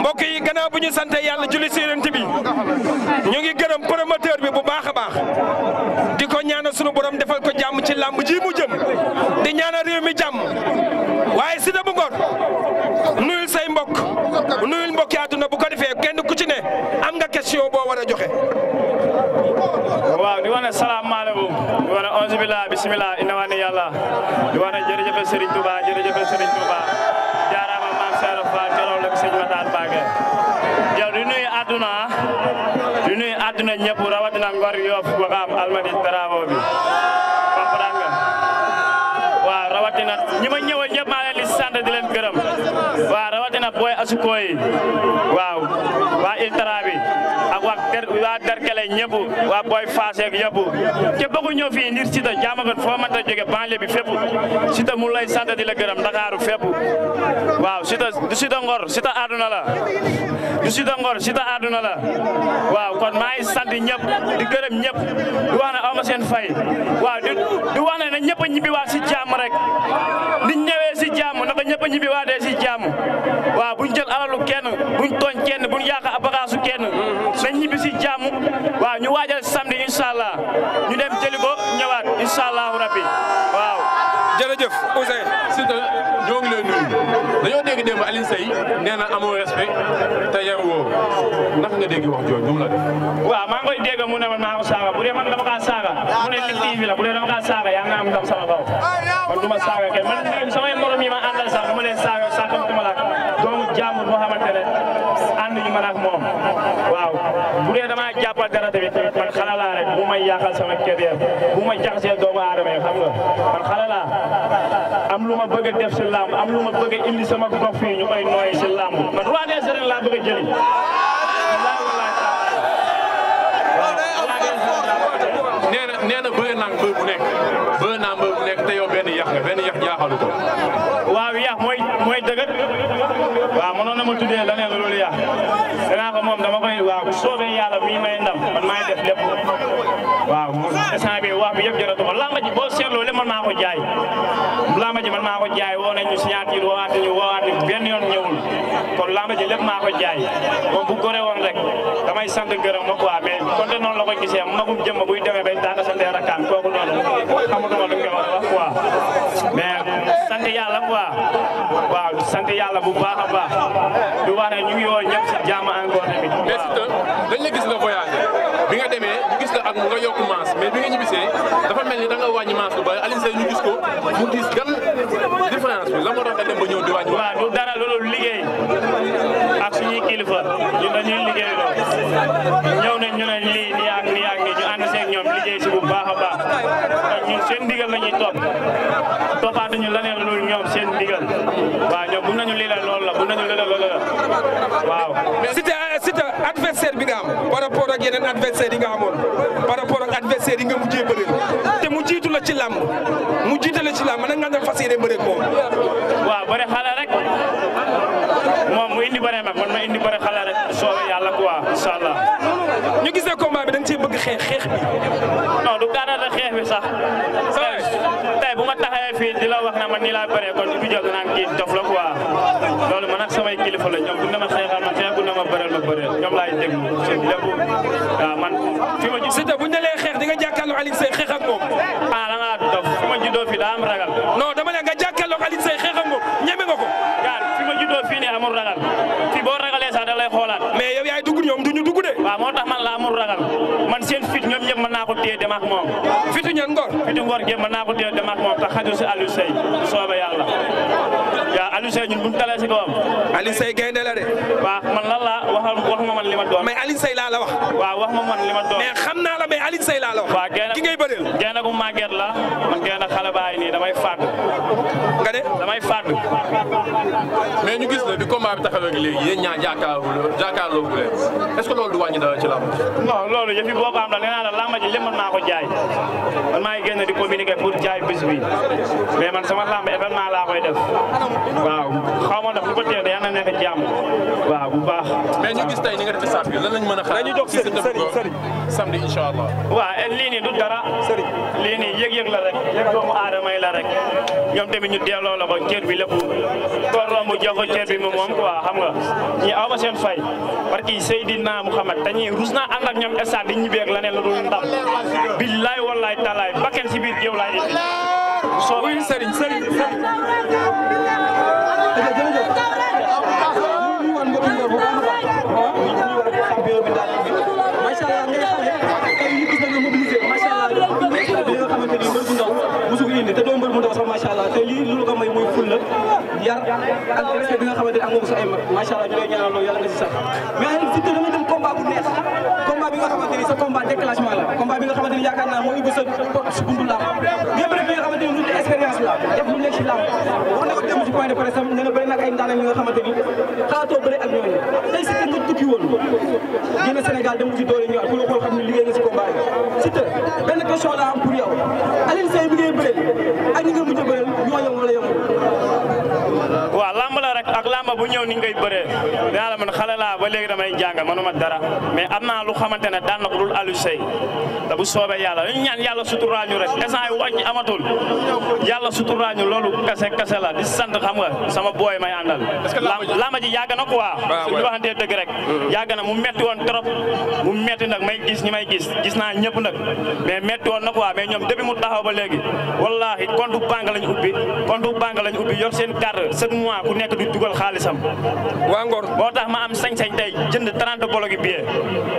mbokk yi gannaaw bu ñu sante yàlla julli séeréent bi ñu ngi gërëm promoteur bi bu baax a baax di ko ñaanal sunu borom defal ko jàmm ci làmb ji mu jëm di ñaanal réew mi jàmm waaye si da bu ngor nuyul say mbokk nuyul mbokk yaatuna bu ko defee kenn ku ci ne am nga question boo war a joxe waaw di wane salaamaaleykum auzu billah bismillah inna wa rawatina ngor Yoff maa leen di sant di leen gërëm rawatina booy asukoo ñëpp waa booy faaseek yëpp te bëgg ñëw fii ngir Siteu jaamagat foo mënta jóge banlieue bi fépp Siteu mu lay sant di la gërëm Ndakaaru fépp waaw Siteu du Siteu ngor Siteu àdduna la du ngor Siteu àdduna waaw kon maa ngi sant ñëpp di gërëm ñëpp di wax ne aw fay waaw di di na ñëpp a ñibbi waa si jàmm rek ni ñëwee si jàmm na ko ñëpp a ñibbi waa dee si jàmm waaw buñ jël alalu kenn buñ tooñ kenn buñ yàq abagaasu kenn na ñibbi si jàmm waaw ñu waajal samedi incha ñu dem jëli ko ñëwaat incha allahu rabbi waaw. jërëjëf Ousseyn Siteu ñoo ngi lay nuyu dañoo dégg démb Alioune Seye nee na amoo respect te yow ndax nga dégg wax jooju moom la def. waaw maa ngi koy dégg mu ne man maa saaga bu dee man dama kaa saaga mu ne li TV la bu dee kaa saaga yaa nga am ndam sama kaw man du ma saaga kenn man samay morom yi ma àndal saaga sax dama la doomu jàmbur boo xamante ne man ak moom waaw bu dee damaa jàppal dara tamit man xale laa rek bu may yàqal sama carrière bu ma jaxasee doomu aadama yi xam nga man xale laa am lu ma bëgg def si làmb am lu ma bëgg a indi sama gox fii ñu koy nooy si làmb man roi des arènes laa bëgg a jëli nee na bëri naa mbër bu nekk bëri naa mbër bu nekk te yow benn yàq nga benn yàq jaaxalu ko ma tuddee la neen loolu yaa danaa ko moom dama koy waaw bu soobee yàlla mi may ndam man maay def lépp waaw instant bi wax bi yëpp jaratu ko lamba ji boo seetloo lépp man maa ko jaay lamba ji man maa ko jaay woo na ñu signature woowaat ñu woowaat ñu benn yoon ñëwul kon lamba ji lépp maa ko jaay moom bu gore woon rek damay sant gërëm ma quoi mais kon de noonu la ko gisee magum jëmm buy demee bay daanaka a baax di wax ne ñu ngi woo ñëpp si jàmm encore tamit. mais Siteu dañ la gis nga voyagé bi nga demee ñu gis la ak nga yokk maas mais bi nga ñibbisee dafa mel ni da nga wàññi maas bu bari Alioune Seye ñu gis ko mu gis la moo tax nga ba ñëw di wàññi. waaw du dara loolu liggéey ak suñuy kilifa ñun dañuy liggéey loolu ñëw ñu ne lii nii ak nii ak nii ñu ànd seeg ñoom liggéey si bu baax a baax te ñun seen ndigal la ñuy topp toppaatuñu leneen loolu ñoom waaw ñoom bu nañu lii la loolu la bu nañu lii la la waaw. Siteu Siteu adversaire bi nga am par rapport ak yeneen adversaire yi nga amoon par rapport ak adversaire yi nga mujjee bëri te mu jiitu la ci làmb mu jiite la ci lam nan nga doon fas yéene bëri moom. waaw bëri xale rek moom mu indi bëri mag man ma indi bëri xale rek soobee yàlla quoi incha allah. ñu gisee combat bi da nga cee bëgg xeex xeex bi. non du dara xeex bi sax. fii di la wax na man nii laa bëree kon bi jóg naan kii dof la quoi loolu man ak samay kilifa la ñoom bu ne ma xeexal ma xeex bu ne ma bëreel ma bëreel ñoom laay déglu lépp waaw man fi ma gis. Siteu bu ñu la lee xeex di nga jàkkaarloo Alioune Seye dem ak moom. fitu ñan ngor. fitu ngor gi mën naa ko téye dem ak moom te xajul si Aliou Seye soobe yàlla yaa Aliou Seye ñun bu ñu dalee si kawam. Aliou la de. waaw man lan laa waxal wax ma man la wax. waaw wax ma man li ma doon. mais xam naa la laa la wax. waaw gaynde ki ngay bëreel. gaynde gu màgget la man gaynde xale nii damay fàgg. nga de. damay fàttu. mais ñu gis la di combat bi taxawee ak léegi yéen ñaa jàkkaarloo jàkkaarloo bu leen est ce que loolu du wàññi dara ci làmb ji. non loolu yëf yi boppam la nee la ko jaay man maa ngi génn di communiquer pour jaay bés bi man sama làmb événement laa koy def waaw xaw ma ndax lu ko teel yàlla na nekk jàmm waaw bu baax. mais ñu gis tey ni nga def saaf bi lan lañ mën a xaar. dañuy doog sëriñ sëriñ samedi incha du dara lii nii yëg-yëg la rek yëg doomu aadama yi la rek ñoom tamit ñu delloo la ko cër bi lépp koo romb jox ko cër bi mu moom quoi xam nga ñi aw ma seen fay parce Seydina Muhammad dañuy rus naa ñoom instant di ñibbeeg la ne la dul ndam billaay wallaay talaay bakken si biir géew laay indi soo sëriñ sëriñ ak respect bi nga xamante ne sa ay mag allah ñu lay ñaanal nga si sax mais Siteu dama jël combat bu neex combat bi nga xamante sa combat bi nga xamante yaakaar naa moo ubbi sa porte si buntu làmb nga xamante ni lu expérience la def nekk si làmb wax na ko dem si point de presse ne nga bëri nag ay ndaanam yi nga xamante xalaatoo bëri ak ñooñu tey tukki woon génn Sénégal dem ci doole ñëwaat ku la xool xam ne liggéey ñëw bëree nee la man xale laa ba léegi damay jàng manuma dara mais am naa lu xamante ne daan na ko dul Aliou Seye te bu soobee yàlla ñu ñaan yàlla suturaal ñu rek instant yi wàññi amatul yàlla suturaal ñu loolu kase kase la di sant xam nga sama booy may àndal. làmb ji yàgg na quoi. Ah, su ñu waxantee dëgg rek. yàgg na mu metti woon trop mu metti nag may gis ñi may gis gis naa ñëpp nag mais metti woon na quoi mais ñoom depuis mu taxaw ba léegi wallaahi compte banque lañ ubbi compte banque lañ ubbi yor seen carte chaque mois ku nekk di dugal xaalisam waa Ngor moo tax ma am sañ-sañ tey jënd 30 bolok billet.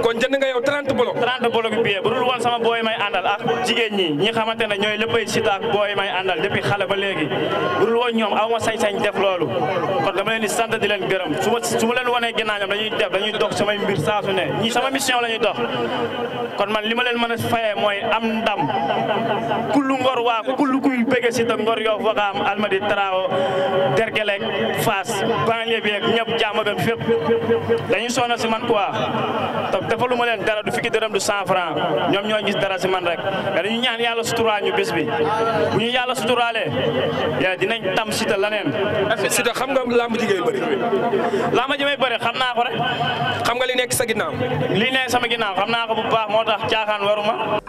kon jënd nga yow 30 bolok. 30 bolok bu dul woon sama booy may àndal ak jigéen ñi ñi xamante ne ñooy léppay sitaak booy may àndal depuis xale ba léegi bu dul woon ñoom aw ma sañ-sañ def loolu kon dama leen di sant di leen gërëm su ma su sama mission la dox kon man li ma leen mën a fayee mooy am ndam kullu Ngor waa kullu kuy bëgg si te Ngor Yoff Wakaam Almadies Traoré Derklé Fass banlieue bi ñëpp jaama ben fépp dañuy sonal si man quoi te defalu ma leen dara du fukki dërëm du cent franc ñoom ñoo gis dara si man rek mais dañu ñaan yàlla suturaa ñu bés bi bu ñu yàlla suturaalee ya dinañ tam sita laneen sita xam nga làmb ji ngay bëri làmb ji may bëri xam naa ko rek xam nga li nekk sa ginnaaw li nekk sama ginnaaw xam naa ko bu baax moo tax caaxaan waruma